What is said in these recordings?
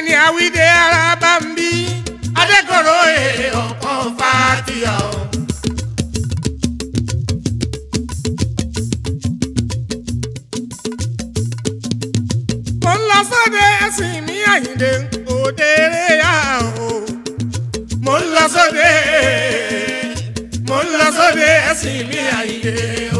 ẹni àwíde ara bá ń bí adékòrò èrè ọ̀pọ̀ fàtíà o. mo ń lọ sóde ẹ̀sìn mi àyìndé òde eré yá o. mo ń lọ sóde mo ń lọ sóde ẹ̀sìn mi àyìndé o.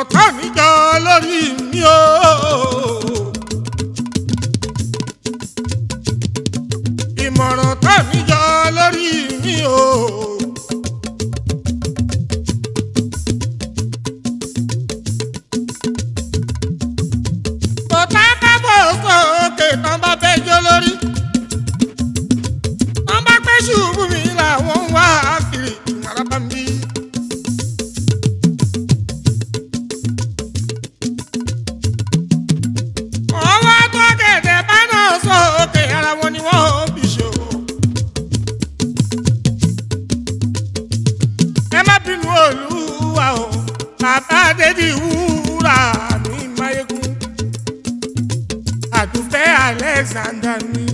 ọ̀tá mi jà lórí mi o. ìmọ̀ràn ọ̀tá mi jà lórí mi o. bọ́tá kábọ̀ sókè tán bá olúwa o bàbá dédì wúrà mi máyégún àdùfẹ́ Alexander ni.